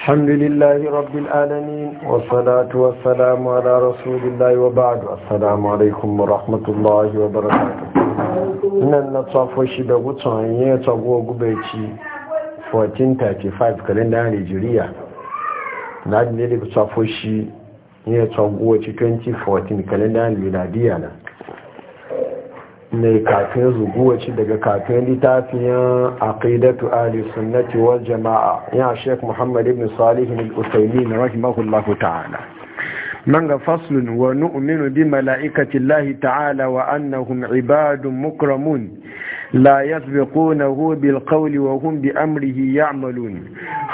الحمد لله رب العالمين والصلاة والسلام على رسول الله وبعد السلام عليكم ورحمة الله nan na tsafo shi da gutsun ya tsago gubeci 1435 kalendar nigeria na ne da tsafo shi ya tsago wace 2014 kalendar miladiya na mai kafin rubuwaci daga kafin littafiyan aqidatu ahli sunnati wal jama'a ya sheikh muhammad ibn salih al-utaymi rahimahullahu ta'ala nan faslun wa nu'minu bi mala'ikati Allahi ta'ala wa anna annahum ibadun mukramun la yasbiqunahu bil qawli wa hum bi amrihi ya'malun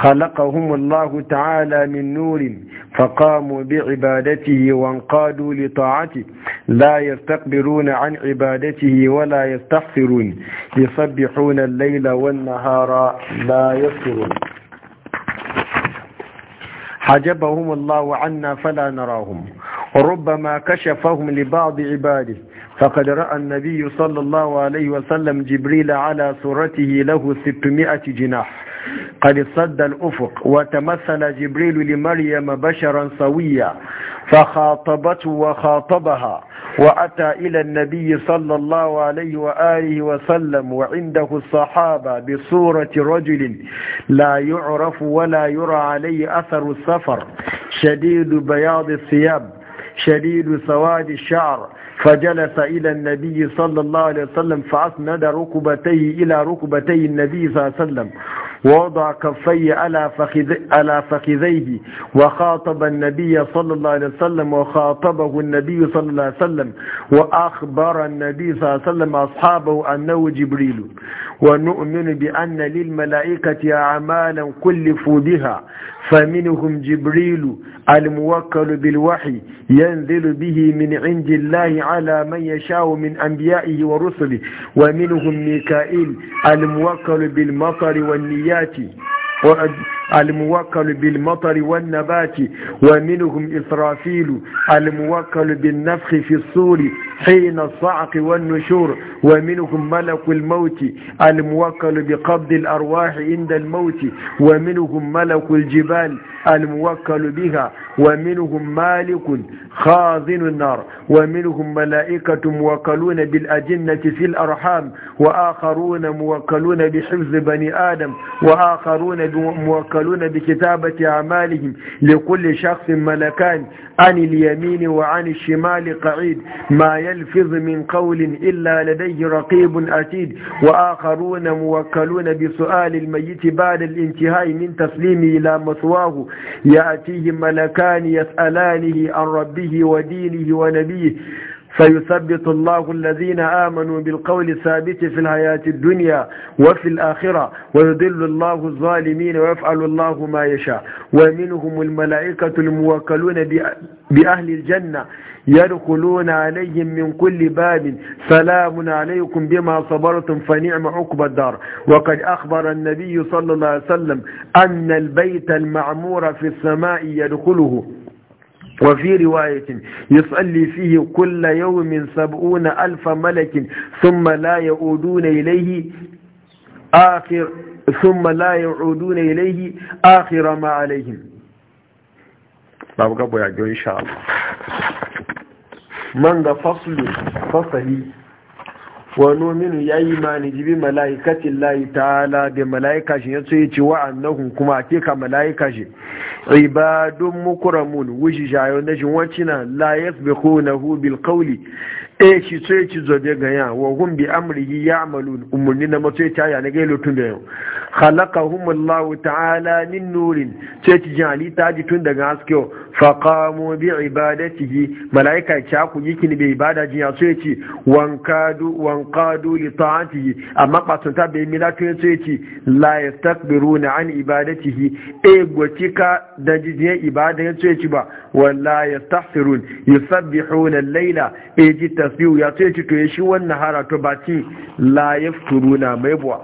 khalaqahum Allah ta'ala min nurin fa qamu bi ibadatihi wa anqadu li ta'ati la yastakbiruna an ibadatihi wa la yastaghfirun yusabbihuna al-layla wan nahara la yasbiquna حجبهم الله عنا فلا نراهم وربما كشفهم لبعض عباده فقد رأى النبي صلى الله عليه وسلم جبريل على صورته له 600 جناح قد صد الأفق وتمثل جبريل لمريم بشرا سويا فخاطبته وخاطبها وأتى إلى النبي صلى الله عليه وآله وسلم وعنده الصحابة بصورة رجل لا يعرف ولا يرى عليه أثر السفر شديد بياض الثياب شديد سواد الشعر فجلس إلى النبي صلى الله عليه وسلم فأسند ركبتيه إلى ركبتي النبي صلى الله عليه وسلم ووضع كفي على, فخذ على فخذيه وخاطب النبي صلى الله عليه وسلم وخاطبه النبي صلى الله عليه وسلم وأخبر النبي صلى الله عليه وسلم أصحابه أنه جبريل ونؤمن بأن للملائكة أعمالا كلفوا بها فمنهم جبريل الموكل بالوحي ينزل به من عند الله على من يشاء من أنبيائه ورسله ومنهم ميكائيل الموكل بالمطر والنيات الموكل بالمطر والنبات ومنهم إسرافيل الموكل بالنفخ في الصور حين الصعق والنشور ومنهم ملك الموت الموكل بقبض الأرواح عند الموت ومنهم ملك الجبال الموكل بها ومنهم مالك خازن النار ومنهم ملائكة موكلون بالأجنة في الأرحام وآخرون موكلون بحفظ بني آدم وآخرون موكلون بكتابة أعمالهم لكل شخص ملكان عن اليمين وعن الشمال قعيد ما يلفظ من قول إلا لديه رقيب أتيد وآخرون موكلون بسؤال الميت بعد الانتهاء من تسليمه إلى مثواه يأتيه ملكان يسألانه عن ربه ودينه ونبيه فيثبت الله الذين آمنوا بالقول الثابت في الحياة الدنيا وفي الآخرة ويضل الله الظالمين ويفعل الله ما يشاء ومنهم الملائكة الموكلون بأهل الجنة يدخلون عليهم من كل باب سلام عليكم بما صبرتم فنعم عقب الدار وقد أخبر النبي صلى الله عليه وسلم أن البيت المعمور في السماء يدخله وفي رواية يصلي فيه كل يوم سبعون ألف ملك ثم لا يؤدون إليه آخر ثم لا يعودون إليه آخر ما عليهم باب قبو يعجو إن شاء الله من فصل فصلي wani minu ya yi mani jibi mala'ikacin layi ta'ala da mala'ika shi ya tsaye ci wa'annan kuma a ke ka mala'ika shi ibadun mukuramun wuji shayon na shi wancina la yasbihu na hu bil kauli e shi sai ci zobe ga wa hum bi amrihi ya'malun umurni na mace ta ya na ga lutun da yau khalaqahum Allah ta'ala min nurin sai ci jali ta ji tun daga haske fa qamu bi ibadatihi malaika ta ku yikin bi ibada ji ya sai ci wankadu wankadu li ta'atihi amma patun ta bai mila tun sai ci la yastakbiruna an ibadatihi e gotika da jijiyan ibada sai ci ba wala yastahsirun yusabbihuna al-laila e ta. tasbihu ya ce to ya shi wannan hara to baki la yafturuna mai buwa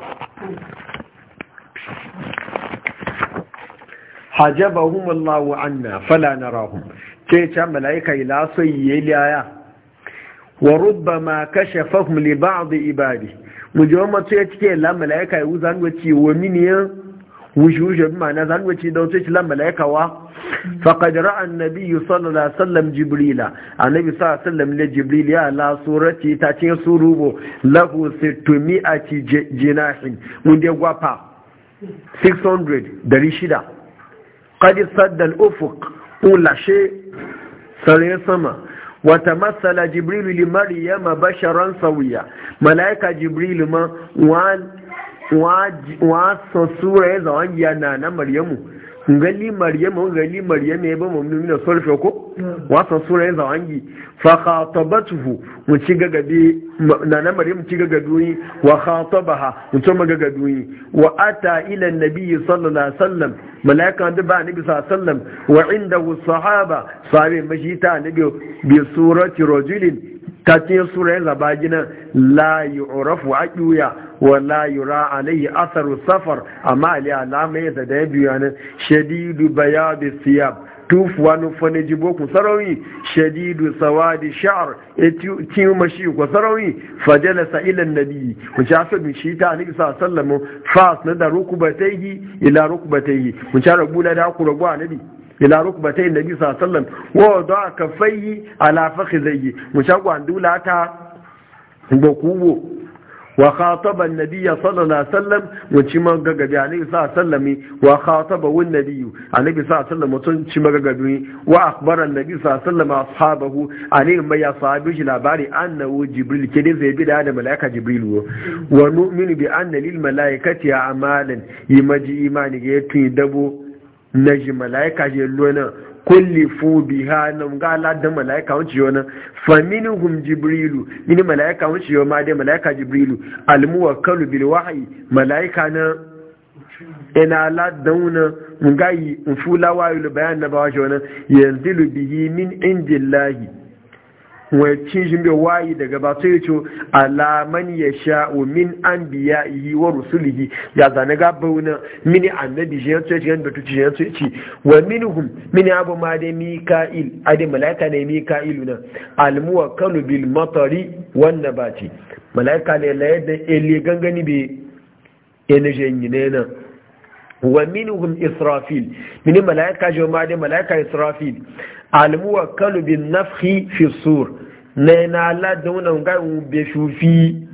hajabahum Allah anna fala narahum ce ce malaika ila sai yeliya wa rubbama kashafahum li ba'd ibadi mujawma ce ce la malaika yuzan wace wa miniyan wujuje ma na zan wace da ce la malaika wa فقد رأى النبي صلى الله عليه وسلم جبريل النبي صلى الله عليه وسلم لجبريل يا لا سورة تاتين سروبو له ستمائة جناح وندي غفا 600 dari shida qad sadda al-ufuq wala shay sare sama وتمثل جبريل لمريم بشرا سويا ملائكة جبريل ما وان وان وان سورة زوان يانا مريمو ngali maryama ngali maryama ya ba mu'minu na sarfa ko wasan sura yanzu wangi fa khatabatuhu mu ci gagabe na na maryam ci gagaduyi wa khatabaha mu to ci magagaduyi wa ata ila annabi sallallahu alaihi wasallam malaika da ba annabi sallallahu alaihi wasallam wa indahu sahaba sahabe majita annabi bi surati rajulin kafin sura yin zaba gina la yi a ƙuya wa la yi asaru safar amma ali alama ya da ya biyu yanin shadidu bayadu siyab tufuwa nufani jibo ku sarauni shadidu sawadi sha'ar ya mashi ku sarauni fajala sa'ilan nabi ku ci asabi shi ta anabi sa sallamu fas na da rukubatai ila rukubatai ku ci rabu da ku rabu anabi ila rukbatai nabi sallallahu alaihi wasallam wa wada kafai ala fakhidhi mushaqwa dulata ta ngokuwo wa khataba an sallallahu alaihi wasallam wuci magagabi annabi sallallahu alaihi wasallam wa khataba an-nabiy annabi sallallahu alaihi wasallam ci magagabi wa akhbara an sallallahu alaihi wasallam ashabahu annabi mai ashabi shi labari annahu jibril kidin zai bi da malaika jibril wa nu'minu bi anna lil malaikati amalan yimaji imani ga yatu dabo na ji malaika je lona kulli fu biha na ga Allah da malaika wuce yona fa minhum jibrilu min malaika wuce yo ma dai malaika jibrilu al muwakkalu bil wahyi malaika na ina la dauna mun ga yi in fulawa yul bayan na ba wa yona yanzilu bihi min indillahi wacin shi bai wayi daga ba sai ce alaman ya sha'u min an biya yi wa rusulihi ya zane gaba bauna mini annabi shi yanzu yace yanda tuci yanzu yace wa minhum mini abu ma da mika'il adi malaika ne mika'ilu nan almuwakkalu bil matari wan nabati malaika ne la yadda ele gangani be energy ne nan wa minhum israfil mini malaika jama'a da malaika israfil almuwakkalu bin nafhi fi sur na na aladun wannan ga ube shufi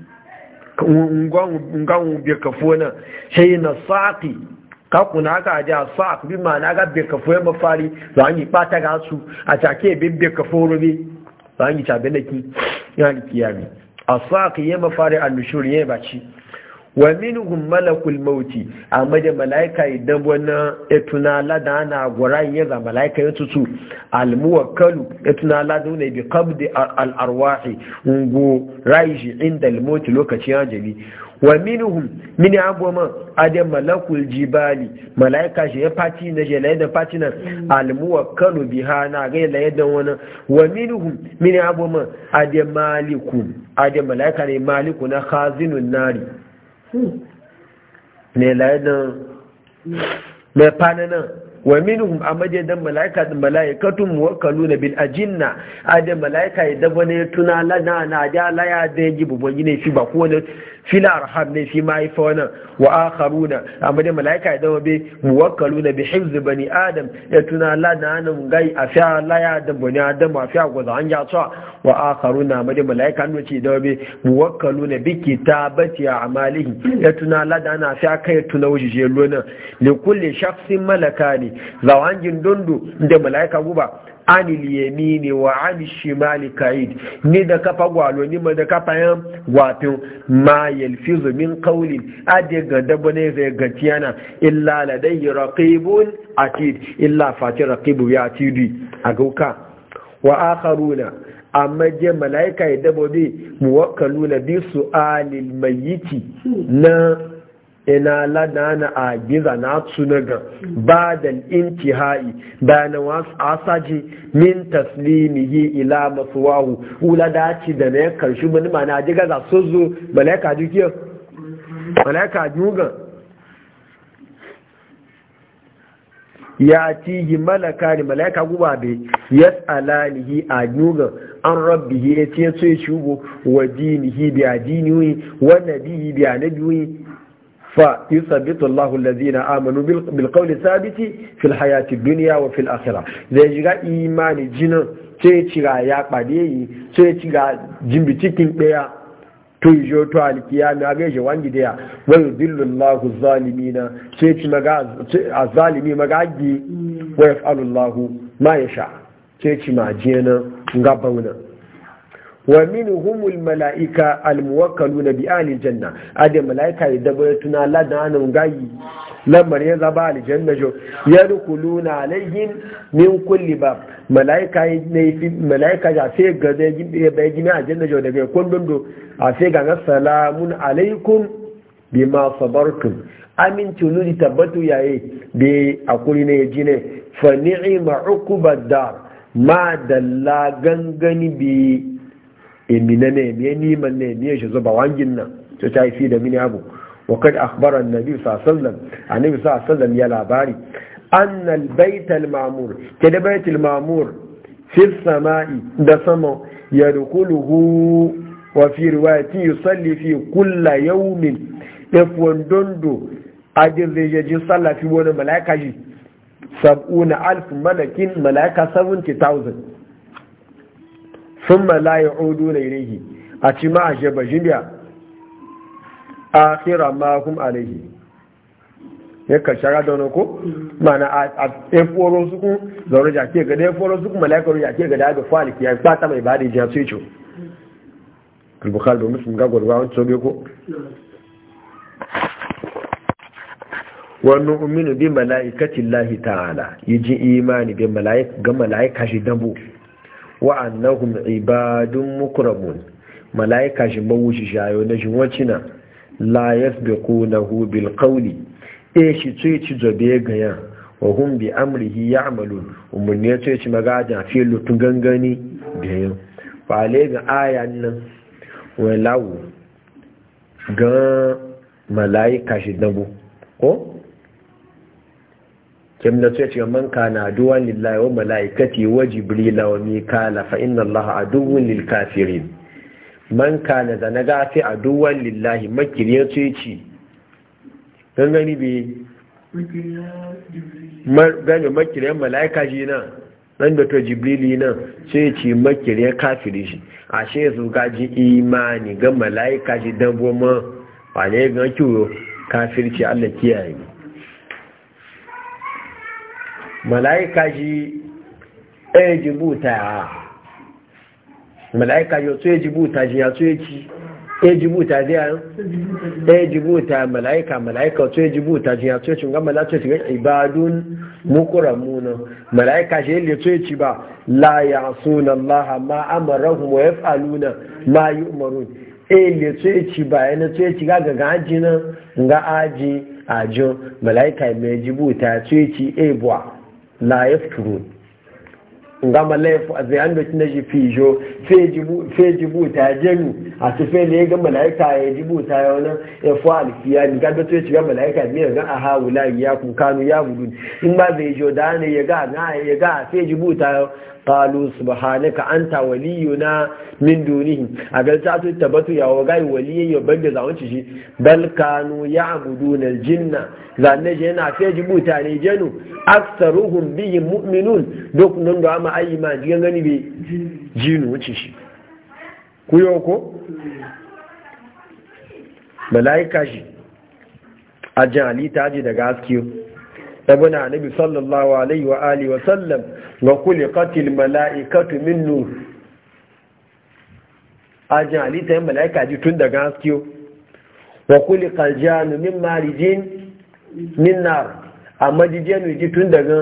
ga be kafo nan sai na saqi ka aka ka a saq bi ma na ga be kafo ya mafari to an yi pata ga su a cake bin be kafo rube to an yi cabe na ki yana kiyami a saƙi ya mafari a nushuri ya baci wa minhum malakul mauti amma da malaika idan wani etuna ladana ana gura yin malaika ya tutu almuwakkalu etuna ladana bi qabdi al arwahi ungo raiji inda al mauti lokaci ajali wa minhum min abuma adam malakul jibali malaika shi ya fati na je laye da fati na almuwakkalu biha na ga laye da wani wa minhum min abuma adam malikum adam malaika ne maliku na khazinun nari ne layanin mai fananan wa minhum amade dan malaika dan malaikatun muwakkaluna bil ajinna da malaika da wani tuna lana na da laya da yaji bubon ne shi ba ko fila arham ne shi mahaifa wannan wa akharuna amma dai malaika ya zama be muwakkaluna bi hifz bani adam ya tuna la na nan gai a fiya Allah ya da bani adam a fiya gwaza an ya tsa wa akharuna amma dai malaika ne ce da be muwakkaluna bi kitabati a'malihi ya tuna la da na fiya kai tuna wujije lona li kulli shakhsin malakani zawanjin dondo da malaika guba anil yamini wa ani shimali kaid ni da kafa gwalo ni ma da kafa yan wato ma yalfizu min qawlin ade ga dabba ne zai gaci yana illa ladayhi raqibun atid illa fati raqibu ya atidi a gauka wa akharuna amma je malaika ya dabobi muwakkaluna bi su'alil mayyiti na ina ladana a giza na tsunaga ba da intihai bayanan wasu asaji min yi ila masuwahu wula dace da na ya karshi mani ma na diga za su zo malaika dukiya malaika duga ya yi malaka ne malaika guba bai yas'alanihi a duga an rabbihi ya ce ya shugo wa dinihi bi adinihi wa biya bi anabihi fa yuthabbitu Allahu alladhina amanu bil qawli thabiti fil hayati dunya wa fil akhirah zai jiga imani jinan sai ya pade yi sai ci ga jimbi ɗaya. daya to yi jo to alkiyami a gaishe wangi daya wa yudillu Allahu sai ci maga azalimi magagi wa yaf'alu Allahu ma yasha sai ci ma jina ngabauna wa minhumul malaika almuwakkaluna bi ahli janna ade malaika ya dabar tuna ladanan gayi lamar ya zaba aljanna jo yadkhuluna alaihim min kulli bab malaika ne fi malaika ya fe ga da bai gina aljanna jo daga kundun do a fe ga salamun alaikum bima sabartum amin tunu di tabbatu yayi bi akuri ne jine fa ni'ma uqubad dar ma dalla gangani bi emina ne miye niman ne miye shi zuba wangin nan to ta fi da mini abu wakar kad akhbara annabi sallallahu alaihi wasallam ya labari anna albayt almamur ke da bayt almamur fi samai da sama yadkhuluhu wa fi riwayati yusalli fi kulli yawmin ifwan dondo ajin zai sallah fi wani mala'ika ji sab'una alf malakin mala'ika 70000 sun malaye odu na irihi a ci ma a sheba jimiya a kira makon alaihi ya ka shara da wani ko mana a su kun zaune jake gada eforo suku malaikaru jake gada ga faliki ya fata mai ba da jiya su ce albukal domin sun gagwarwa wani sobe ko wani umini bi mala'ikacin lahi ta'ala yi ji imani ga mala'ika shi dambu wa annahum ibadun mukramun malaika shi mawuci shayo na shi wacina la yasbiqunahu bil qawli e shi tsoye ci zobe gaya wa hum bi amrihi ya'malun umurni ya tsoye ci magaja fi lutun gangani da yau fa ga ayan nan wa lawu ga malaika shi dabo ko kimna da ce ce man kana duwa lillahi wa malaikati wa jibril wa mikala fa inna allaha aduwwun lil kafirin man kana da naga fi aduwwan lillahi makiriyar ce ce dan gani bi gani makiriyar malaika ji nan dan da to jibril nan ce ce makiriyar kafiri shi ashe su ji imani ga malaika ji dan goma wane ga kiyo kafirci Allah kiyaye mala'ika ji ejibuta jibuta ya mala'ika ji otu ejibuta e e ji ya tsoye ci ɗaya jibuta zai yan ɗaya mala'ika mala'ika otu ejibuta ji ya tsoye ci ga mala'ika ci e ga ibadun mukuran muna mala'ika ji yadda tsoye ci ba la ya suna allaha ma amarahu wa ya faluna ma yi umaru ɗaya tsoye ci ba ya tsoye ci ga ga aji nan ga aji ajo mala'ika mai jibuta tsoye ci ebuwa la yafturu ngama laifu a zai hannu na ji fijo jibu ta jenu a su fe ya ga mala'ika ya jibuta ya wani ya fi alfiya ni ga beto ya shiga mala'ika ne ga a hawula ya kun kanu ya gudu in ba zai jo da ne ya ga na ya jibu ta jibuta qalu subhanaka anta waliyuna min dunihi a ga ta su tabatu ya wa gai waliye ya banda zawanci shi bal kanu ya'buduna aljinna zanne je na fe jibuta ne janu aktsaruhum bihim mu'minun duk nan da ma ayi ma jigan gani bi jinu wuce shi kuyo ko malaika shi ajali ta ji daga askiyo tabuna annabi sallallahu alaihi wa alihi wa sallam wa kuli katil mala'ikatu min nur ajin halitta yin mala'ika ji tun daga haskiyo wa kuli kaljanu min marijin min nar amma jijiyanu ji tun daga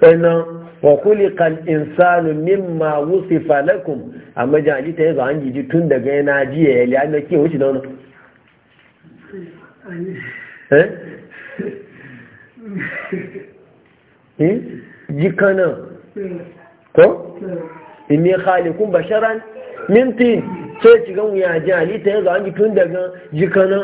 ɗanan wa kuli kal'insanu min ma wusi falakun amma jin halitta yin zuwa ji tun daga yana jiya ya liya na wuce da wani eh? Eh? ko inni khaliqun basharan min tin sai ci gan wuya ji halitta yanzu an ji tun daga jikana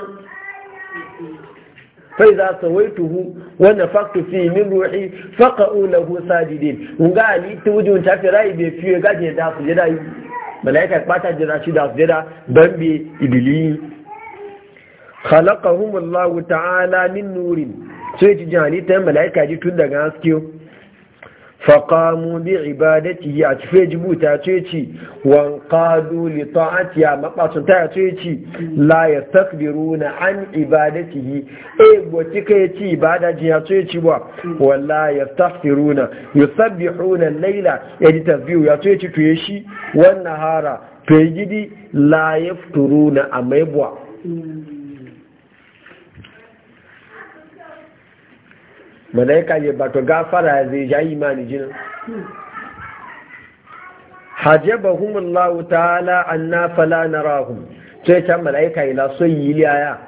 fai za su wai tuhu wanda faktu fi min ruhi faqa'u lahu sajidin nga halitta wujun ta fi rai bai fiye gaje da su jira yi malaika bata jira shi da su jira dan bi ibili khalaqahum Allah ta'ala min nurin sai ci ji halitta malaika ji tun daga haske faƙamu bi ibadati a cife jibu ta ce ci wan ƙadu li ta'ati a maɓasun ta ce ci la takbiru na an ibadati yi e gwaci ka ya ci ibada ji ya ce ci ba walla ya takbiru na ya sabbi hunan laila ya ji tasbihu ya ce ci tuye shi wannan hara tuye gidi la ya na a maibuwa malaika ne ba to gafara zai ja imani jinin ta Allah ta'ala na fala narahum sai can malaika laso yi liya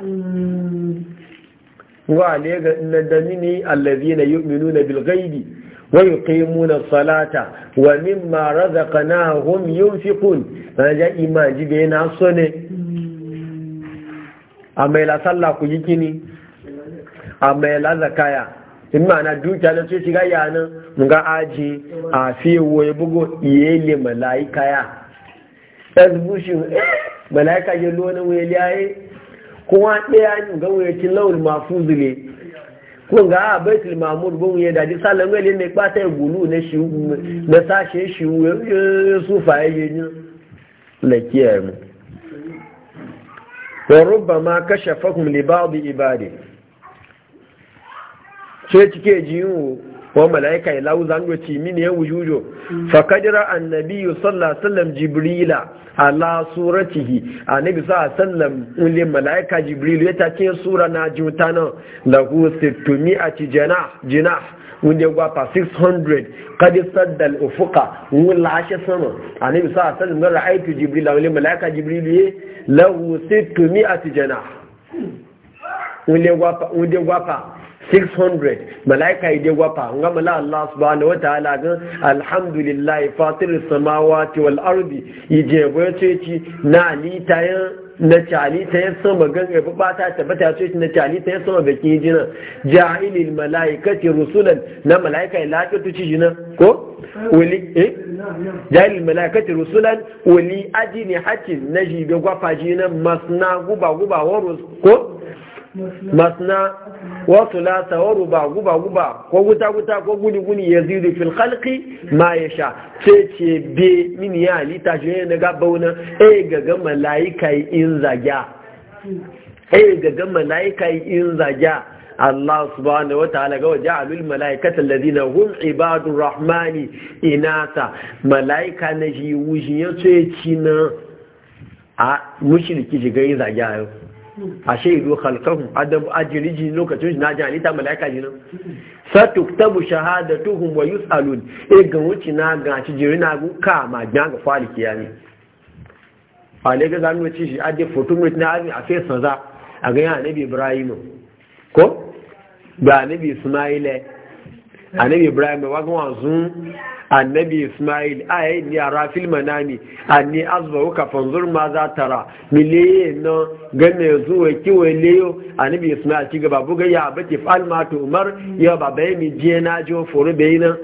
wa ne ga na yi minu na bilgaidi wa kaimu na salata wa min mimma razaqnahum yunfiqun ja fi kun? na so ne A ila sallah ku yi kini. A mai ila zakaya in ma'ana dukiya na sai shiga yanin nga aji a fiye ya bugo iyele mala'ika ya ɗazbushin mala'ika ya lona wani yayi kuma ɗaya ne ga wani cin laul mafu zule kun ga a baitul mamur bin ya daji salon wani ne ɓata ya gulu na sashe shi eh, sufa ya yi yi lakiyar mu wa rubba ma kashe fahimu libadi ibadi sai cike jiyu wa malaika ya lau zan ci mini ya wujujo fa kadira annabi sallallahu alaihi jibrila ala suratihi annabi sallallahu alaihi wasallam ule malaika jibril ya tace sura na jutana lahu sittumi ati janah jinah wunde gwa pa 600 kadi saddal ufuka wula lashe sama annabi sallallahu alaihi wasallam ra'aytu jibril ule malaika jibril lahu sittumi ati janah wunde gwa pa wunde gwa pa 600 malaika dai gwafa nga mala Allah subhanahu wataala gan alhamdulillah fatir samawati wal ardi yije boye ci na ni tayan na cali ta ya sama ganga ba ta tabbata ce na cali ta ya sama ki jina ja'ilil malaikati rusulan na malaika ila ta tuci jina ko wali eh ja'ilil malaikati rusulan wali ajini hatin naji be gwafa jina masna guba guba warus ko masna wa thulatha wa ruba guba guba ko guta guta ko guni guni yazidu fil khalqi ma sha ce ce be min ya alita je ne e, ga bauna e gaga malaika in zaga gaga e, malaika in zaga Allah subhanahu wataala ga waja'alul malaikata alladhina hum ibadur rahmani inasa malaika na ji wuji yace ci na a mushriki shiga yin zagayo a shaidu halkahun adam ajiriji lokacin shi na ji halitta mala'ika ji nan shahada tuhun wa yus'alun e ga wuce na ga ci jiri na ka ma ga ga fali kiyami a ne ga zamu ci shi ajiye fotomit na a fesa za a ga anabi ibrahimu ko ga anabi ismaila annabi ibrahim ba ga wazu annabi ismail ayi ni ara fil manami anni azbahu ka fanzur ma za tara miliye no game zuwa kiwe leyo annabi ismail ci gaba buga ya bace fal ma to umar ya baba mi je na jo foro bayina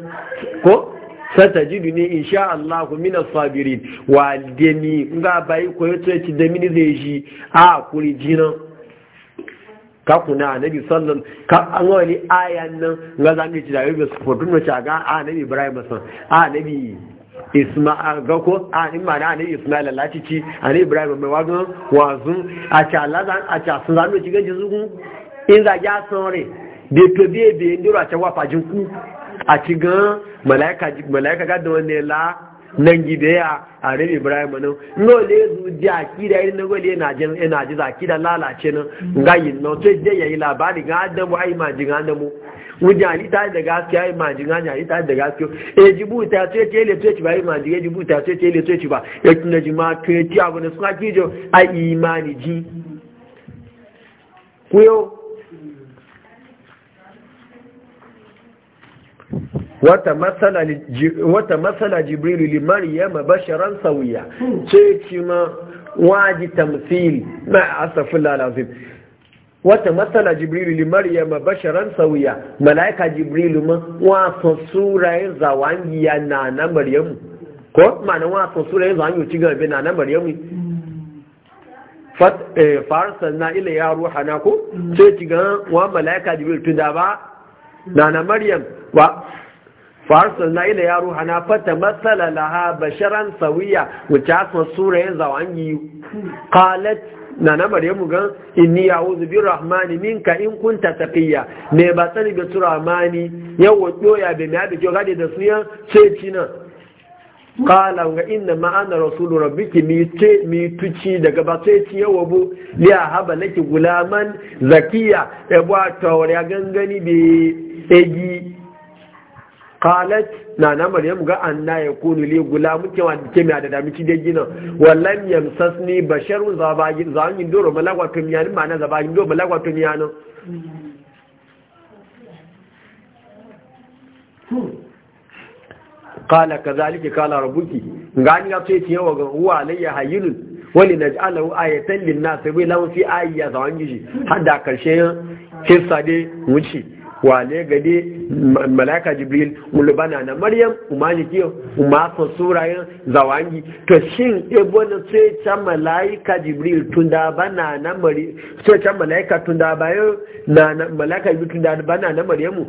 ko satajidu ne insha Allah min as-sabirin wa demi nga bai ko yace ci da mini zai ji a kuri jinan ka kuna annabi sallan ka an wani ayan nan ga zamu ci da yau su fotun mu ga annabi Ibrahim san annabi Isma ga ko a ni ma na annabi Isma'il Allah ci ci annabi Ibrahim mai wagon wazun a ci Allah zan a ci sun zamu ci ga jizugun in za ja son re de to be be ndiro a ci wa fajin ku a ci gan malaika malaika ga da wanne la nan gibe ya a rin ibrahim nan no le zu ji akida yin na gole yana jin ina ji zakida lalace nan ga yin no to je yayi labari ga adamu ai ma jin adamu wuji ta da gaskiya ai ma jin anya ta da gaskiya e jibuta ta ce le ce ci ba ai ma jin e jibuta ta ce le ce ci ba e tuna ji ma ke ti abu ne suka jo ai imani ji yo wata matsala jibrilu limari ya mabasharan sauya ce ci ma waji tamfili na asafin lalazin wata matsala jibrilu limari ya mabasharan sauya mala'ika jibrilu ma wasan surayen zawangiya na na maryamu ko ma'ana wasan surayen eh, zawangiya ci gaba na na maryamu farsan na ila ya ruha na ko ce ci gan wa mala'ika jibrilu tun da ba na na maryam ba farsal na ila yaro hana fata matsala laha basharan sawiya wacce asma sura ya zawan yi qalat na na maryamu gan inni ya'udhu bir rahmani minka in kunta taqiya Me ba tsani bi turamani yawo doya be mi abi jogade da suya sai cina qala wa inna ma ana rasulu rabbiki mi te mi tuci daga ba sai ci yawo bu li ahaba laki gulaman zakiya e ba ya gangani bi egi qalat na na maryam ga anna yakunu li gulamu ke wanda ke da da miki da gina wallan yamsasni basharun zabagin zangin doro malakwa tumiyani ma na zabagin doro malakwa tumiyani qala kadhalika qala rabbuki ngani ga sai tiyawa ga huwa alayya hayyun wali naj'alahu ayatan lin-nas bi lahu fi ayya zangiji hada karshe kissa dai wuce wale gade malaka jibril mulubana na maryam umani kiyo sura ya zawangi to shin ebo na sai ta malaika jibril tunda bana na Maryam? sai ta malaika tunda bayo na malaka jibril tunda bana na maryamu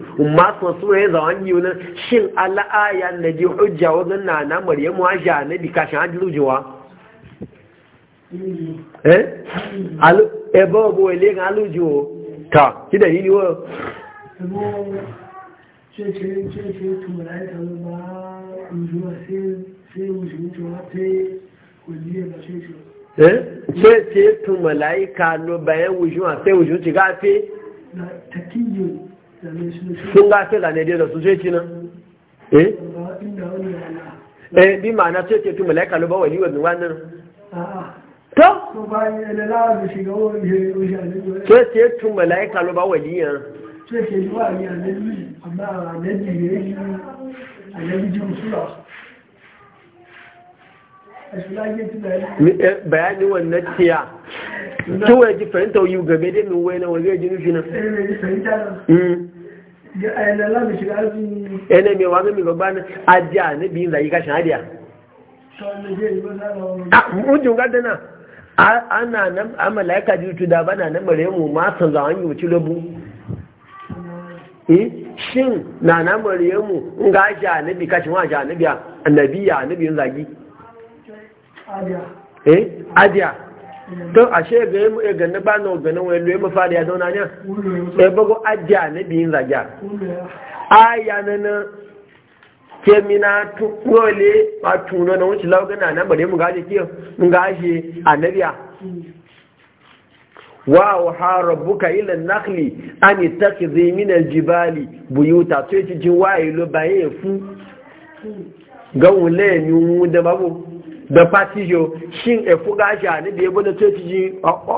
sura ya zawangi wannan shin ala aya na ji hujja wannan na na maryamu ja na bikashin adilujewa eh alu ebo bo ile ga alujo ta kida ni wo kuma ce ce ce ce no bayan wujuwa sai wujuwa ci gafe sun gafe zane dai da su ce ci eh eh bi ma'ana ce ce tu mala'ika no ba wani wannan to ko ce ce tu mala'ika no ba waliyan tó ṣe ní àlẹ́bí àlẹ́bí wannan tiya kiwa ji fahimta yi gabe da mai wani wani ya ji nufi na yana mai mai babba na ajiya na biyun zai kashin adiya mujin gadana ana nan amalaika jitu da bana na mare mu masan zawon yi wuce lobu Eh, shin na na maryamu in ga aji annabi kashin wa aji annabi annabi ya annabi yin zagi eh adiya to ashe ga yi eh, ga na bana ga na wani loyi mafari ya zauna ne eh bago adiya annabi yin zagi aya na na ke mina tukole ma tuno na wuce lauga na na maryamu ga aji ki in ga aji annabi hmm. وأوحى ربك إلى النخل أن اتخذي من الجبال بيوتا تيجي وايلو بايه فو gawun lẹ́yìn ohun da babu da fatijo shin efu gashi a nida yabo da tsoci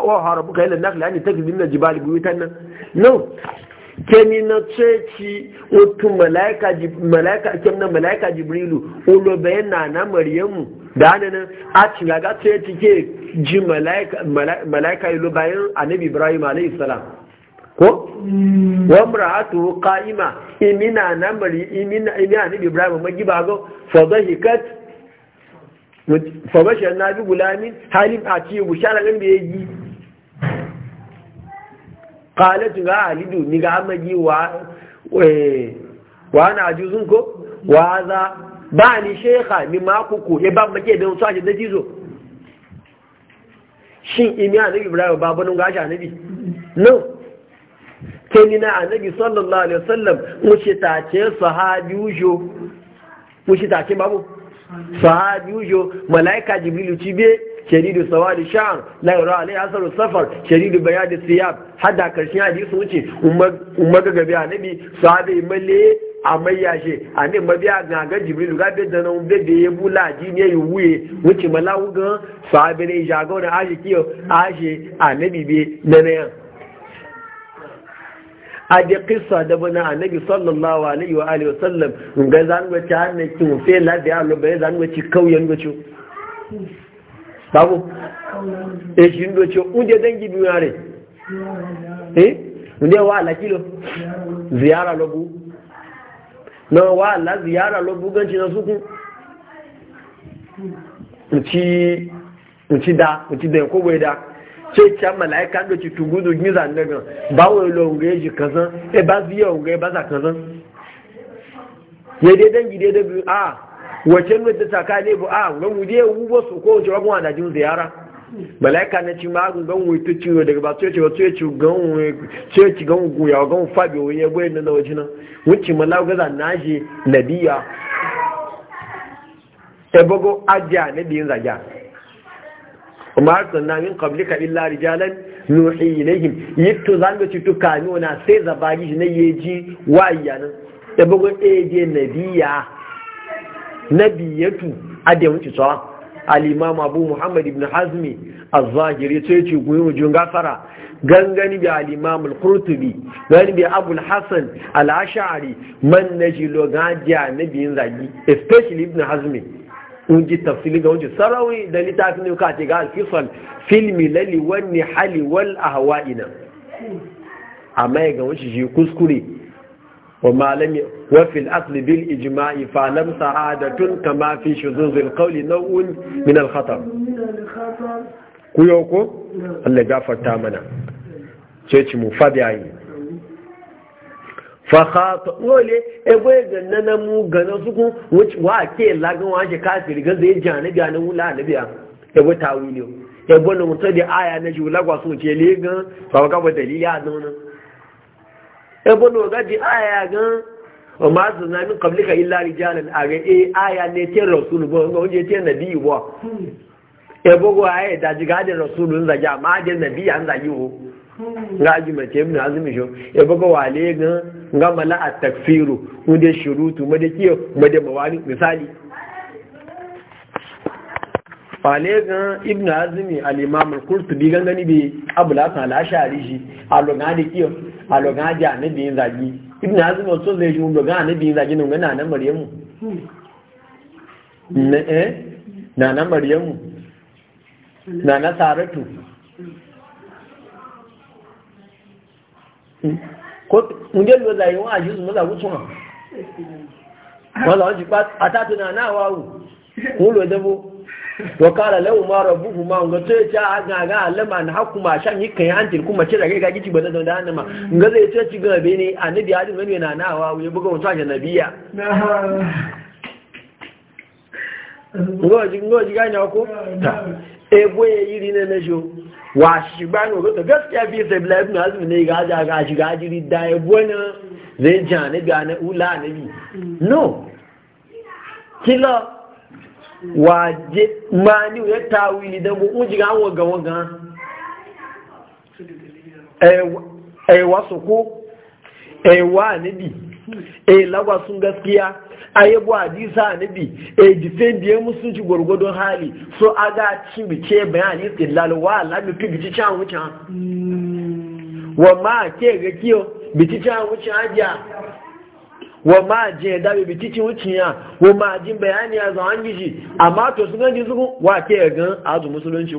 wa hara buka yi lannak lani ta gizin na jibali guyi ta no kemi na tsoci otu malaika jibrilu olobe na na maryamu da hannun a cinga ga ta yi cike ji mala'ika ilo bayan annabi ibrahim alayhi salam ko mm. wamra hatu ka'ima imina namari imina annabi ibrahim magiba ga fadahikat fabashar na bi gulamin halin a ciye bushara gan da ya yi kalatu ga halidu ni ga magi wa eh, wa na ajuzun ko wa za ba ni shekha mi makoko ya ba make da don tsaje da jizo shin imi annabi ibrahim ba banin gashi nabi no keni na annabi sallallahu alaihi wasallam ta ce sahabi ujo ta ce babu sahabi ujo malaika jibrilu cibe shadidu sawadi sha'an la yura alai asaru safar shadidu bayadi siyab hadda karshen hadisi wuce umma ga gabi annabi sahabe male amayya she annabi mabiya gangan jibrilu ga be da nan be be bula ji ne yuwe wuce malawu ga sahabe ne jago na aje kiyo aje annabi be nanayan a da kisa da bana annabi sallallahu alaihi wa alihi wasallam ga zanwaci annabi kin fe la da ya lo bai zanwaci kauyen gacu sabo e eh, shi ndo ce unje dangi duniya ne eh wa ala kilo ziyara lobu na wa ala ziyara lobu ganci na suku nci nci da nci da ko bai da ce kyan mala'ika ndo ci tugudu giza ndagan ba wai lo unge ji kazan e ba ziya unge ba za kazan ya dai dangi dai da biyu a wajen saka ne bu a ah, ga gan wuje wubo su ko wace ragun adajin ziyara malaika na ci magun gan ta ci daga ba ce ba tsoci gan gan guya gan fabi wuye boye na waje nan wuce malawa gaza naje nabiya e bogo ajja ne nabiyin zaja kuma na min ka illa rijalan nuhi ilayhim yitto zanga ci to kamiona sai zabagi ne yeji wayanan ebogo eje nabiya na biyatu a da tsawa al'imam abu muhammad ibn hazmi a zahiri sai ce goyi wajen gafara gangani bi al'imam kurtubi gani bi abu hassan al man na jilo gajiya na biyin zagi especially ibn hazmi ji tafsili ga wajen sarawi da littafin ne ka ce ga alfisal filmi lali haliwal hali wal ahwa'ina amma ga wajen shi kuskure وما لم وفي الأصل بالإجماع فلم سعادة كما في شذوذ القول نوع من الخطر كيوكو الله غفر تامنا شيخ مفادي عين fakata ole ebe ganna nana mu gana suku wa ke lagan wa ke kafiri ga zai jani ga e e na wula na biya ebe tawili ebe na mutu da aya na jula kwa sun ce legan ba ka ba dalili a zauna? ebo no gaji aya ga o ma zuna min qablika illa rijalan aga e eh, aya ne te rasul bo ngo je te nabi wo ebo go aya da ga de rasul nza ja ma de nabi an za yi wo nga ji mace ibn azmi sho ebo go wale ga nga mala at takfiru mu de shurutu mu de kiyo mu de mawani misali wale ga ibn azmi al-imam al-qurtubi gangani bi abul hasan al-ashari ji a lokacin da kiyo a logan haji annabi yin zagi ibn hazm wasu zai shi logan annabi yin zagi nan na nan maryamu na eh na nan maryamu na na saratu ko nde lo zai wa ajizu mu za ku tuna wala ji pat atatu na na wawu mu lo dabo wa lau ma rabbuhu ma ga ce ta ga ga alama na hakuma shan yi kai an kuma mace daga ga gici bana da annama ga zai ce ci gabe ne annabi hadin wani na nawa ya buga wata ga nabiya ngoji ngoji ga nya ko e ebo yiri ne ne jo wa shi ba no ga gaskiya fi sai bla ibn azmi ne ga ga ga shi ga jiri da zai ga ne ula ne no kilo waje mani ya tawili da mu ga an waga waga aiwa su ko aiwa bi ai e lagwa sun gaskiya ayi bu hadisa nabi ai e defendi ya musulunci gwargwadon hali so aga cin bice bayani istilal wa la bi fi bici can wuce hmm. wa ma ke ga kiyo bici can wuce hajiya wa ma jin da bi tici wuciya wa ma jin bayani ya zo an gishi amma to sun ganji su wa ke gan azu musulunci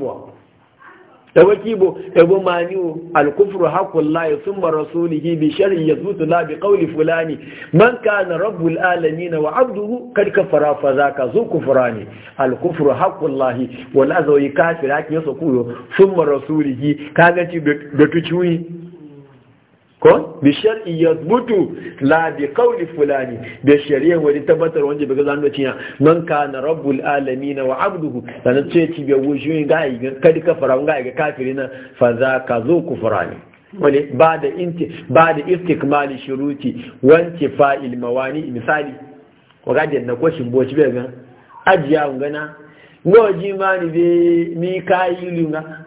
Da tawaki bo ebo mani o alkufru haqullahi thumma rasulihi bi shar'i yazutu la bi qawli fulani man kana rabbul alamin wa abduhu kad kafara fa zaka zu kufrani alkufru haqullahi wal azawi kafira kin so kuyo thumma rasulihi kaga ci da tuciwi ko bi shar'i yathbutu la bi qawli fulani da shari'a wani tabbatar wanda bai gaza nuna cinya man kana rabbul alamin wa abduhu sanan ce ci bai wuce ga ga kadi kafara ga ga kafirina fa za ka zo kufrani wale ba da inti ba da istikmali shuruti wanti fa'il mawani misali ko ga na ko shin boci bai ga ajiya ngana ngoji mani be mi kayi lunga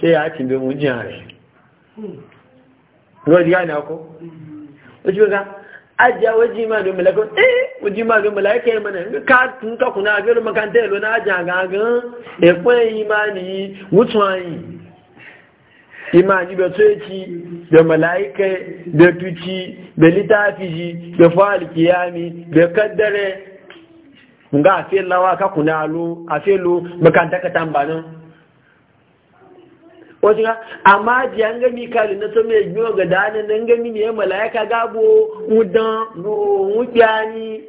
ce ya ci be mun jare rọ̀dí àná ọkọ̀ ojú ọgá ajá ojí máa ló mẹ́lẹ́kọ́ ẹ́ ojí máa ló mẹ́lẹ́kẹ́ ẹ̀mọ́ náà ká tún tọkùn náà abẹ́rẹ́ mọ́ká tẹ́ lọ náà ajá gangan ẹ̀pọ́ ẹ̀yìn máa ní wútún ayìn ìmá níbẹ̀ tó ẹ̀kí bẹ̀ mẹ́lẹ́kẹ́ bẹ̀ tuchi bẹ̀ nga àfẹ́ lawa kákùnà ló àfẹ́ ló mọ́ká tẹ́kẹ́tà ń bà wasu ga amma ji an gami kari na so mai biyo ga dana nan gami ne ya malayaka gabo mudan ni.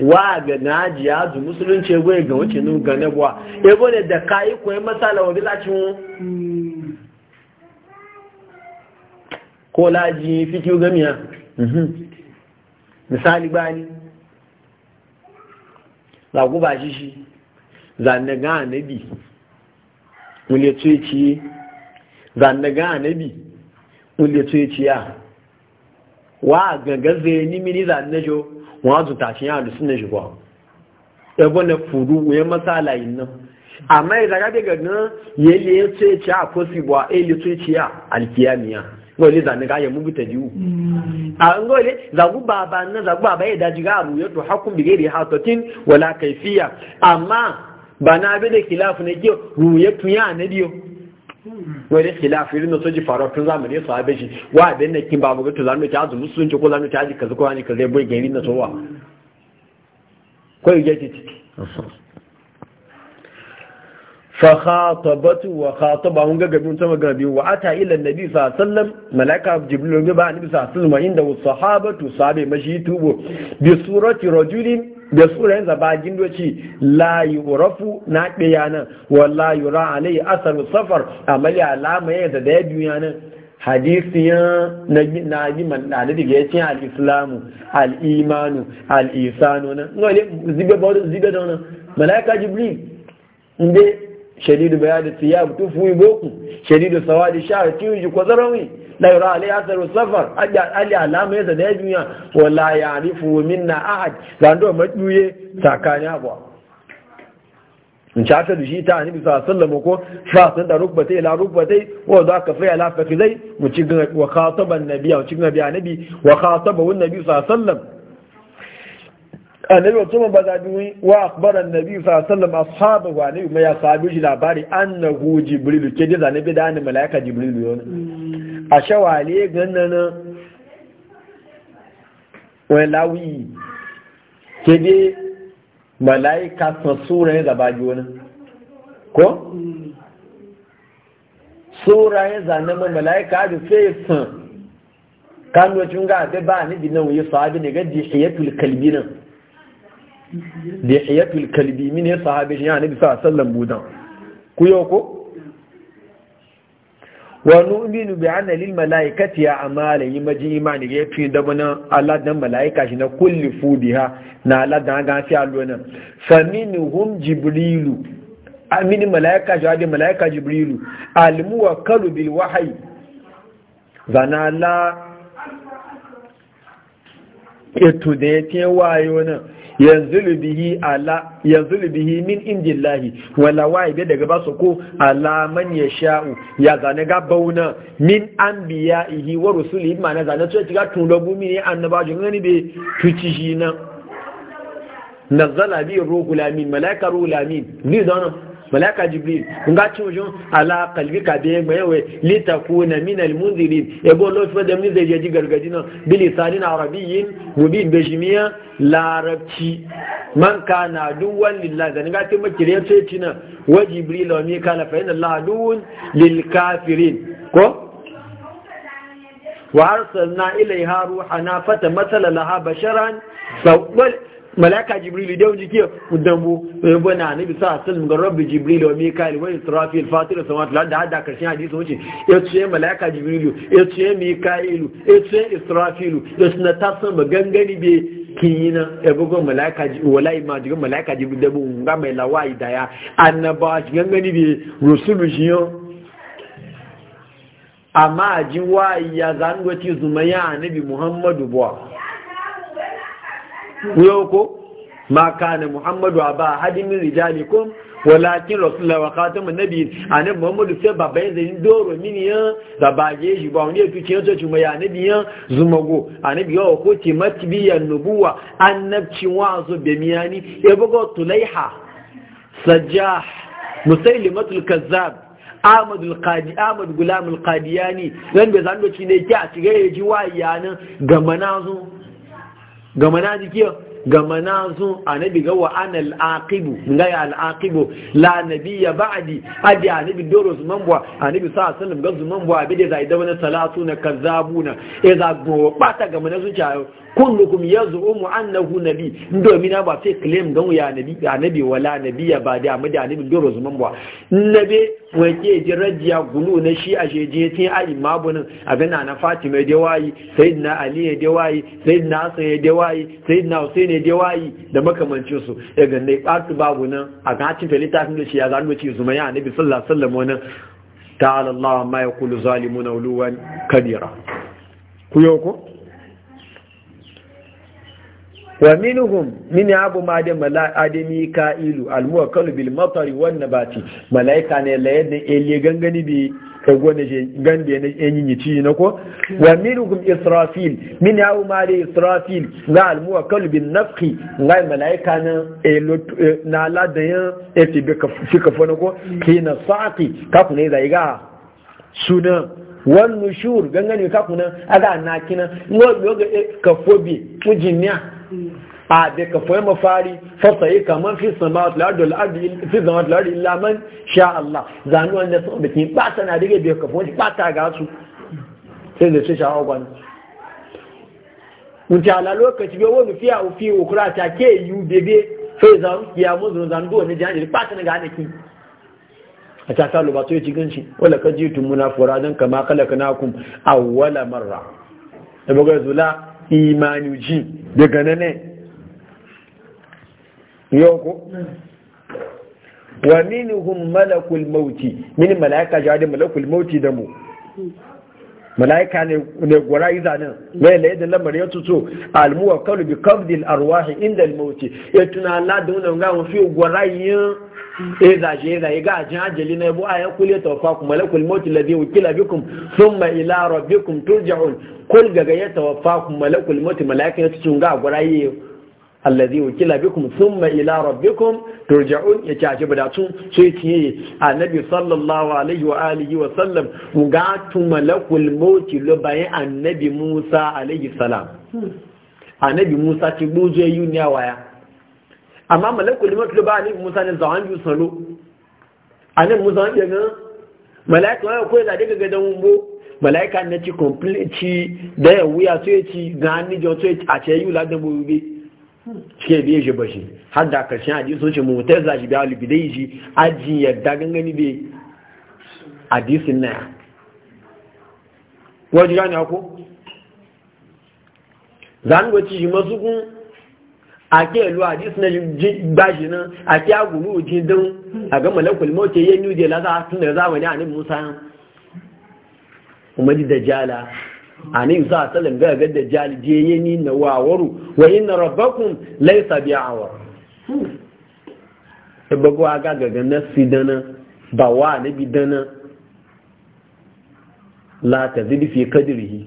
wa ga naji ya zu musulunci ya ga wuce nu ga buwa ya bude da ka yi koyi masa wa bila wu ko laji fikiyu gamiya mhm. misali bani za ku ba shi shi zanne ga anabi wule tsoyici zannaga anabi wule tsoyici ya wa gangan zai ni mini zannajo wa zuta shi ya da sunna shi ba ebo na fudu ya masala yin nan amma idan ka daga nan yele ya tsoye tsoyici a kosi ba ele tsoyici ya alkiyamiya wale zannaga ya mu ta jiwu a ngole zagu baba na zagu baba ya daji ga abu ya to hakun bigere hatotin wala kaifiya amma ba na abin da khilafu ne ke ruye tuya na biyo wani khilafu irin so ji faruwa tun zamani su abin shi wa abin da kin ba mu gato zamu ta azumu sun ce ko zamu ta aji kaza ko ani kaza bai gari na sowa ko yake ci fa khatabatu wa khataba hun gaga bin sama gabi wa ata ila annabi sallallahu alaihi wasallam malaika jibril ne ba annabi sallam inda sahabatu sahabe mashi tubo bi surati rajulin da sunayen zaba gindoci layi yurafu na ɗaya nan wala yura alai asar safar amali alama ya da ya biyu nan hadisiyan na yi manɗani da ya cin al'islamu al'imanu al'isanu nan wale zibe bautin zibe da wani malaka jibli inda shadidu bayan da siya butu yi boku shadidu sawa da sha tiyu ji kwazarawi لا يرى عليه أثر السفر أجل علامة يسد يجمع ولا يعرفه منا أحد لأنه مجموية ساكاني أبوه in ci haka da shi ta hannu bisa sallama ko fasin da rukbatai ila rukbatai wa za ka fiya la fakizai mu ci wa khataban nabiya wa cikin nabiya nabi wa khataba wun nabi sa sallam annabi wa tuma ba zabi wa akhbara nabi sa sallam ashabu wa nabi mai ya sabi shi labari annahu jibril ke da zanabi da ni malaika jibril yo a shawale ganana wani lawi ke dai mala'ika sun sura ya zaba wani ko? sura ya zane mai mala'ika da sai sun kanocin ga abin ba ni dinan wuyi sahabi ne ga dihiyatul kalbi nan dihiyatul kalbi mini sahabi shi ya nabi sa sallan budan ku yau ko? wa nu'minu bi anna lil malaikati ya amala yi maji imani ya fi da bana Allah dan malaika shi na kulli fu biha na Allah dan ga fi alwana fa hum jibrilu amini malaika shi da malaika jibrilu alimu wa kalu bil wahyi zana la eto da yake wayo nan yanzulu bihi ala yanzulu bihi min indillahi wala waibe daga basu ko ala man sha'u ya zane ga bauna min anbiya'ihi wa rusuli ma na zane tuci ga tun an mini annabaju ngani be tuci shi na nazala bi ruhul amin malaika ruhul ni zana malaka jibril nga ci wajen ala kalbi ka biye mai lita kuna min almunzirin ya go lo fada min zai yaji gargadi na bili sanin arabiyyin mubin bashimiya larabci man kana duwan lillahi zan ga tin makire ya ce na wa jibril wa mikala fa inna allah duwun lil kafirin ko wa arsalna ilaiha ruhana fata matsala laha basharan malaka jibril da wani kiyo dambu mai bana nabi sa sallam ga rabbi jibril wa mikael wa israfil fatir samawati da hada karshen hadisi wuce ya ce malaka jibril ya ce mikael ya ce israfil ya suna ta sama gangani be kiyina ya bugo malaka walai ma jiga malaka jibril da bu ga mai lawai da ya annaba gangani be rusulu shiyo amma ji wa ya zango ti zumaya annabi muhammadu ba ko ma muhammadu aba hadin min rijalikum walakin rasulullah wa khatamun nabi anan muhammadu sai baba yanzu ni doro mini ya da baje shi ba wani tuci yato ci mai annabi ya zumago anabi ya ko ce matbiyan nubuwa annabci wa zo be miyani ya bugo tulaiha sajjah musailimatul kazzab ahmadu alqadi ahmadu Ahmad Gulam qadiyani be zan doci ne ki a cigare ji wa yanan ga manazo gama na jikiya gama na sun anabi ga wa ana al'aqibu ga ya al'aqibu la nabiyya ba'di adi anabi doro su manbuwa anabi sa sallam ga su manbuwa bi da zai dama na salatu na na. e za go bata gama na sun cayo kullukum yaz'umu annahu nabi domin ba sai claim gan ya nabi ya nabi wala nabiya ba da amma da nabi doro zuman ba nabe wake ji rajiya gulu na shi a jeje tin ali mabunin abin na fatima da wayi sayyidina ali da wayi sayyidina hasan da wayi sayyidina husaini da wayi da makamancin su daga ne katu babu nan a ga cikin littafin da shi ya zanu ci zuma ya nabi sallallahu alaihi wasallam wannan ta'ala allah ma yaqulu zalimuna uluwan kabira ku yoko wa minuhum min abu ma da adami ka'ilu almuwakkal bil matari wan nabati malaika ne la yadda ele gangani bi ka gona je gande ne enyin yici na ko wa minuhum israfil min abu ma da israfil ga almuwakkal bin nafqi ga malaika na e, na la da yan e ti be ka fika fona ko kina sa'ati ka kuma zai ga sunan wannu nushur gangane ka kuna aga na kina ngo ga e, ka fobi ujinya a de ka foyi mafari ka man fi samawat lardu al'adu fi samawat lardu illa man sha Allah zanu wanda be ki ba ta na dige be ka ni ba ta ga su sai da hawa sha'awa mun wuce la lokaci bai wani fiya ufi ukura ta ke yi bebe sai ya mu zan zanu ne jani ba ta na ga ki a ta kalu ba to ya ci ganci wala ka ji tun muna kama kalaka na kun awwala marra da bugar zula imanu ji daga nane yau ko wa minhum malakul mauti min malaika jadi malakul mauti da mu malaika ne ne gora nan mai laye da lamar ya tuto almuwa kalu bi qabdil arwahi inda al mauti ya tunana da wannan ga mu fi gora yin إذا جاء إذا يقع جهاد جلنا يبو آية قل يتوفاكم ملك الموت الذي وكل بكم ثم إلى ربكم ترجعون قل جاء يتوفاكم ملك الموت ملائكة تشنقع yi alladhi wukila bikum thumma ila rabbikum turja'un ya ci ajibu da tun sai tiye sallallahu alaihi wa alihi wa sallam ga malakul mauti lo bayan annabi Musa alaihi salam hmm. annabi Musa ti gbuje yuniya waya amma malakul maut lo ba ni musa ne zawan ju salo anan musa ne ga malaika wa ko da daga gadan wumbo malaika ne ci complete ci da ya wuya so ya ci ga ni jo so a ce yu la da bo bi ke biye je bashi har da karshen hadisi so ce mu mutazza shi biya libidai shi aji yadda gangani be hadisin na wajen ya ko zan go ci masu kun ake lu a na bashi nan ake agulu uji don a ga malakul mawuce yin new zealand za tun da zamani a nabi musa umarji da jala a nabi sa salam ga ga da jali je yi ni na wawaru wa inna rabbakum laisa bi awar ibago aga gaga nasi dana ba wa bi dana la ta zibi fi kadirihi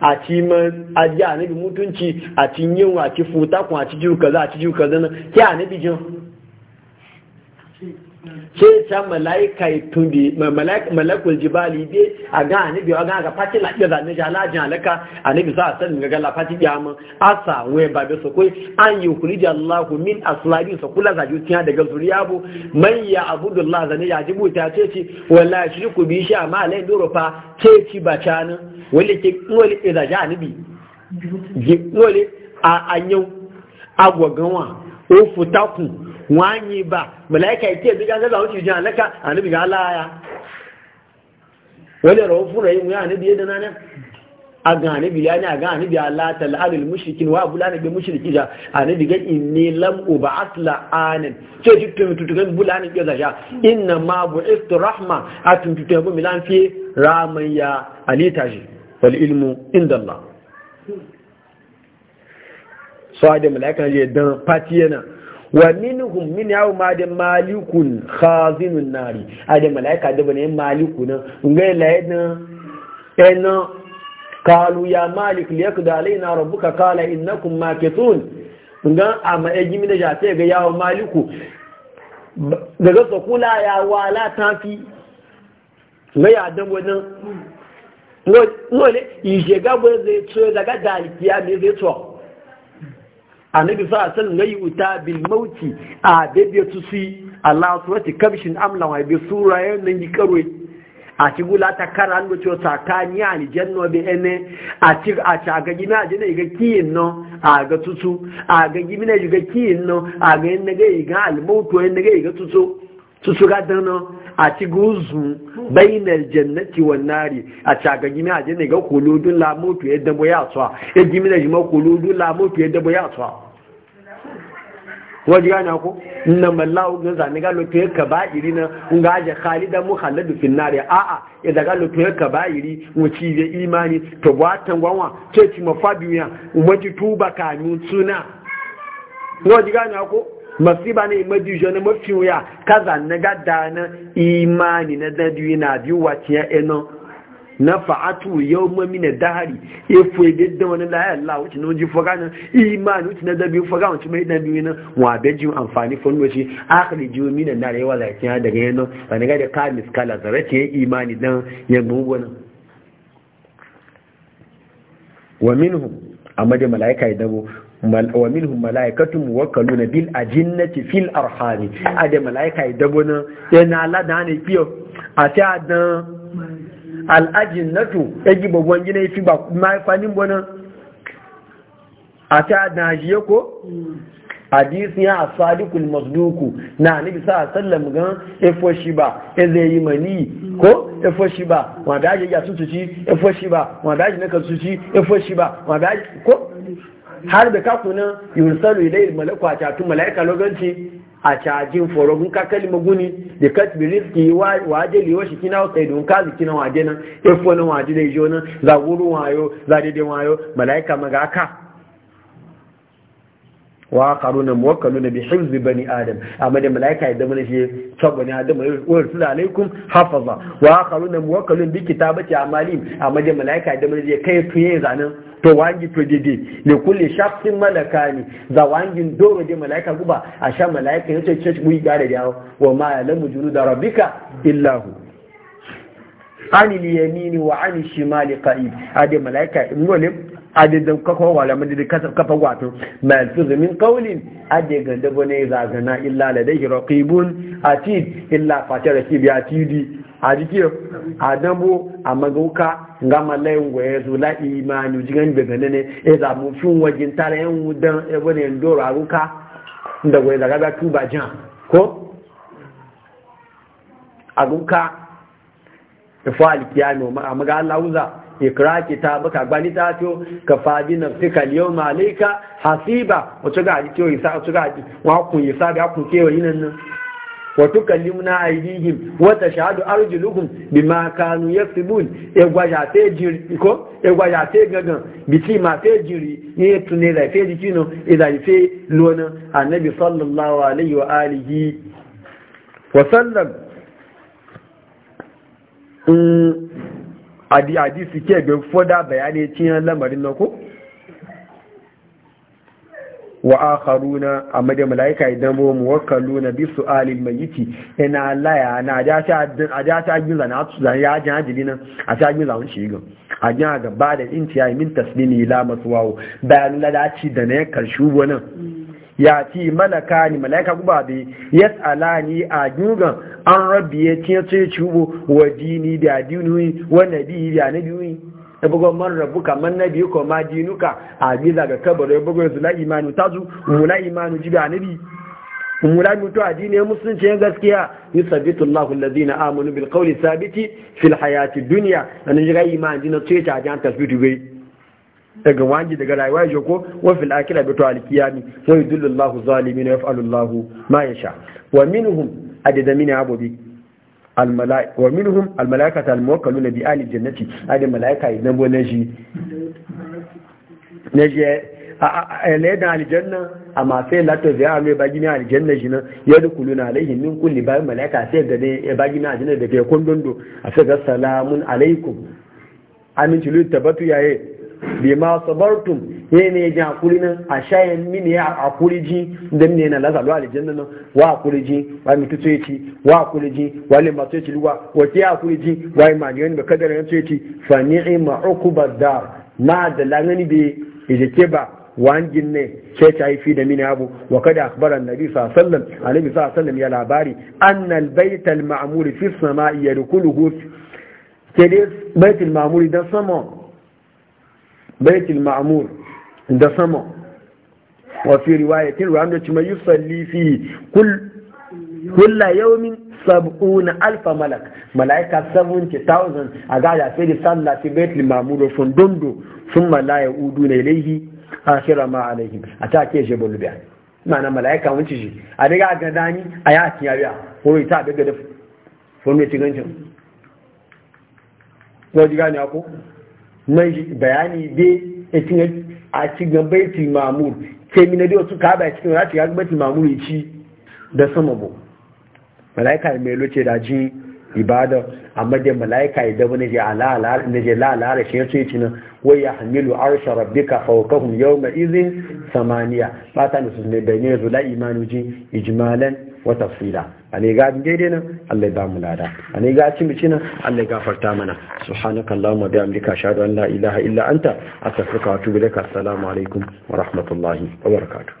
a ci a ji anabi mutunci a ci yin a ci futakun a ci jiwu kaza a ci jiwu kaza na ke ce ta malaika tudi malakul jibali be a ga anibi a ga ga fati lafiya da ne jala jalaka anibi sa san ga la fati ya mun asa we ba be sokoi an yukhrij Allah min aslabi so kula za jutiya daga zuriya bu man ya abudu Allah zane ya jibu ta ce ci wala shirku bi sha ma lai duro fa ce ci ba canin wali ke wali da ja anibi wali a anyo agwaganwa o futaku wani ba malaika ya ce biga gaza wuce jin alaka annabi ga Allah ya wani rawu fura yi mu ya annabi yadda nan a ga annabi ya ne a ga annabi Allah tal'alul mushrikin wa bula nabi mushriki ja annabi ga inni lam ub'at la'anan ce ji tun tutugan bula ne ga ja inna ma bu'istu rahma atun tutugan bu milan fi ramaya alita shi wal ilmu inda Allah so da malaika je dan fatiyana wa minhum min yawo ma da malikun khazinun nari a da malaika da bane maliku nan ngai laye na ena kalu ya malik li yakda alaina rabbuka qala innakum makithun nga ama eji mi da jate ga yawo maliku daga sokula ya wala ta fi? Nga ya adam wannan ngole yije gabo zai tso daga daliki ya me zai tso nabi sa san nayi uta bil mauti a tu si Allah surati kabshin amla wa bi sura nan yi karwe a ci gula ta karan ta ka ni ali janno bi ene a ci a ta ga gina je ne ga kiyin no a ga tutu a ga gimina ga kiyin no a ga ne ga ga al mautu ne ga ga tutu tutu ga dano a ci guzu bainar jannati wa nari a caga gimi a jini ga kulodun la ya e dabo ya tsawa ya gimi da jima kulodun la ya dabo ya tsawa waje gane ko na mallahu ga zani ga lotu ya iri na ga ja khalida muhalladu fin nari a a ya daga lotu ya kaba'iri wuci da imani to buwatan gwanwa ce ci mafabiya umaji tuba kanyu suna waje gane ko masiba ne madijo na mafi wuya kaza na gada na imani na dadiyo na biyu wacce ya eno na fa'atu yau mami na dahari efo ebe da wani layar Allah wuce na wajen faga na imani wuce na dabi faga wuce mai dabi na wabe jin amfani fondoci akali jiwo mina na rewa lafiya daga yano ba na gada ka miskala zara ce imani dan yamma wani wa minhu amma da mala'ika ya dabo wa minhum malaikatun muwakkaluna bil ajinnati fil arhami ade malaika idabona yana ala da ne fiyo ati adan al ajinnatu eji bogon gina ifi ba mai fanin bona ati adan ajiye ko hadisi ya asadiqul masduku na nabi sa sallam ga efo shi ba eze yi mani ko efo shi ba wa da ya tutuci efo shi ba wa da na kasuci efo shi ba wa da ko har da kakunan yursalu ilai malaku a catun mala'ika loganci a cajin forogun kakali maguni da katbi riski waje liwa shi kina kai don kazi kina waje nan efo na waje da ijo na za guru wayo za daidai wayo mala'ika magaka aka wa karu na muwakkalu na bi hifzi bani adam amma da mala'ika ya mun shi sabu ne adam wa rasul alaikum hafaza wa karu na muwakkalu bi kitabati amalim amma da mala'ika ya mun je kai tuye zanan to wangi to dede ne kulle shafin malaka ne za wangin doro de malaika guba a sha malaika yace ce ku gare da wa ma yalamu junuda rabbika illahu hu ani liyamini wa ani shimali qa'id ade malaika ngole ade da kafa wala mun da kafa wato ma yalfizu min qawlin ade ganda bone zagana illa ladai raqibun atid illa fatara kibiyatidi adikiyo adambo amagauka nga malayin gwaye zo la imani ujigan daga ne e za mu wajin tare yan wudan ebe ne ndoro aruka da gwaye daga ba tuba jan ko aruka ifa alkiyami ma amaga Allah uza ikra baka gbani ta to ka fadi nafsika yau malika hasiba wato ga adikiyo isa wato ga wa kun isa ga kun kewa yinan nan wa tukallimuna aydihim wa tashhadu arjuluhum bima kanu yaktubun e gwaja te jiri ko e gwaja te gangan biti ma te jiri ni tunne da fe dikino e idan ife lona annabi sallallahu alaihi wa alihi wa sallam mm, adi adi sike be foda bayani cikin lamarin nako wa akharuna a madan malaika idan bo na bi su'alil mayiti ina laya na ja ta a ja ta gina na su zan ya ajin ajin nan a ta gina wani shi gan a jan gaba da intiya min taslimi ila maswao bayan ladaci da da ci na karshu nan? ya ci malaka ni malaika guba bi yas'alani a gugan an rabbi ya ce ci ciwo wa dini da dini wa nabi da nabi ya bugo man rabbuka man biyu ko ma dinuka a ga kabaro ya bugo zula imanu tazu mula imanu jibi anabi mula mutu ya musulunci ya gaskiya yusabitu Allahu alladhina amanu bil qawli thabiti fil hayati dunya an jiga imanu dinu ce ta jan tasbitu gai daga wangi daga rayuwa ya ko wa fil akhirati bi talikiyami wa yudillu Allahu zalimin wa yaf'alu Allahu ma yasha wa minhum adada min abubi wa minhum almalaikata almuwakkaluna bi ali jannati ade malaika idan bo naji naji a leda aljanna amma sai lato zai amma ba gini aljanna shi nan ya dukuluna alaihi min kulli bayan malaika sai ga dai eh, ba gini aljanna da ke kundundo a sai ga salamun alaikum amin lu tabatu yaye ma sabartum ye ne ji hakuri nan a shayin mini ya hakuri ji da ne na lasa lo aljanna nan wa hakuri ji wa mi tuce ci wa hakuri ji wa le ma tuce ci luwa wa ti hakuri ji wa ma ne ne ka dare tuce ci fa ma uqbad dar ma da langani be ije e ba wan jinne ce ta fi da mini abu wa kada akbaran nabi sallam annabi sallam ya labari annal baital ma'mur fi samai yadkuluhu ke dai baitul ma'mur da sama baitul ma'mur da sama wa fi riwayatin ruwan ci mai yusalli fi kulla yawmin sab'una alfa malak malaika 70,000 a gada sai da sallah fi baitul ma'mur fun dondo sun malaya udu na ilaihi akhira ma alaihim a ta ke shi bulubiya ma'ana malaika wunci shi a daga ga dani a yakin yabiya ko ita daga da fun mai cigancin ko ji gani ako mai bayani dai a cikin baiti mamur sai mina biyu su kaba a cikin rashi ya baiti mamur ya ci da sama bu malaika mai loce da jin ibada amma da malaika ya dabu naje alala naje lalala shi yace ci nan ya hamilu arsha rabbika yau ma izin samaniya ba ta ne bai ne bayne la imanu jin wa tafsila ane ga daidai nan Allah ba mu lada ane ga ci mici nan Allah gafarta mana subhanaka allahumma bi amrika ashhadu an la ilaha illa anta astaghfiruka wa atubu ilaik assalamu alaikum wa rahmatullahi wa barakatuh